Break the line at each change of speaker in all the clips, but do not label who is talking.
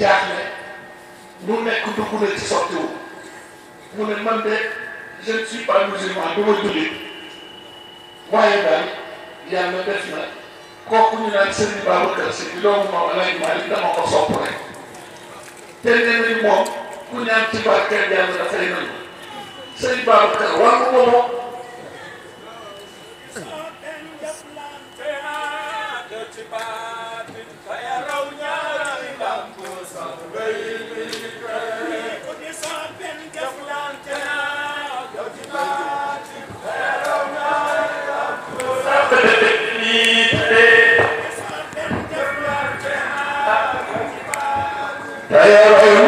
jaaxle mu nekk dugg na ci sottiwu mu ne man de je ne suis pas musulman du ma jullit waaye daal yàlla def na kooku ñu naan Serigne Babacar Sy di doomu Maam El Hadji Malick dama ko sopp rek te nee nañ moom ku ñaan ci barkeel yàlla dafay nangu Serigne Babacar war nga ko فيرون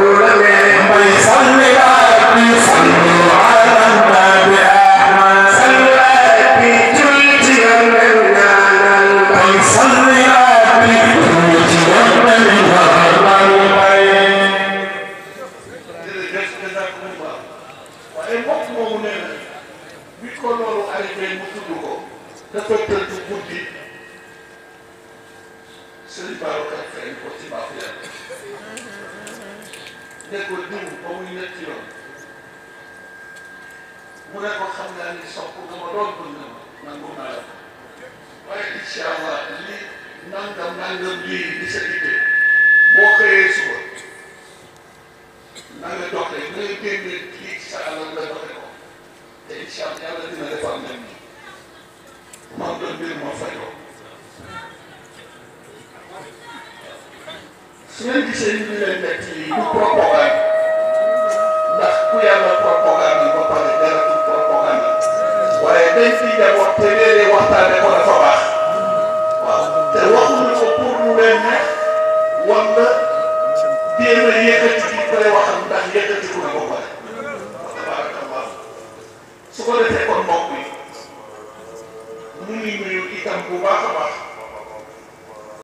dafa tënk guddi sëriñ Babacar feeñ ko ci baaxu yàlla ne ko diw ba muy ñetti yoon mu ne ko xam naa ni sopp nga ma doon bëgg na ma nangu naa la waaye incha allah li nangam nangam lii di sa itte boo xëyee suba na nga doxee na nga génne lii sa alal nga doxe ko te incha allah yàlla dina defal même moo doon mbir moo fajoo su ngeen gisee ñu leen nekk yi du propagande ndax ku yàlla propagande ba pare dara du propagande waaye dañ fiy dem wax te léeg-léeg waxtaane ko dafa baax waaw te waxuñu ko pour mu leen neex wala jéem a yëkkati bi koy waxal ndax yëkkati ku ne ko pare su ko defee kon mbokk yi 干锅吧。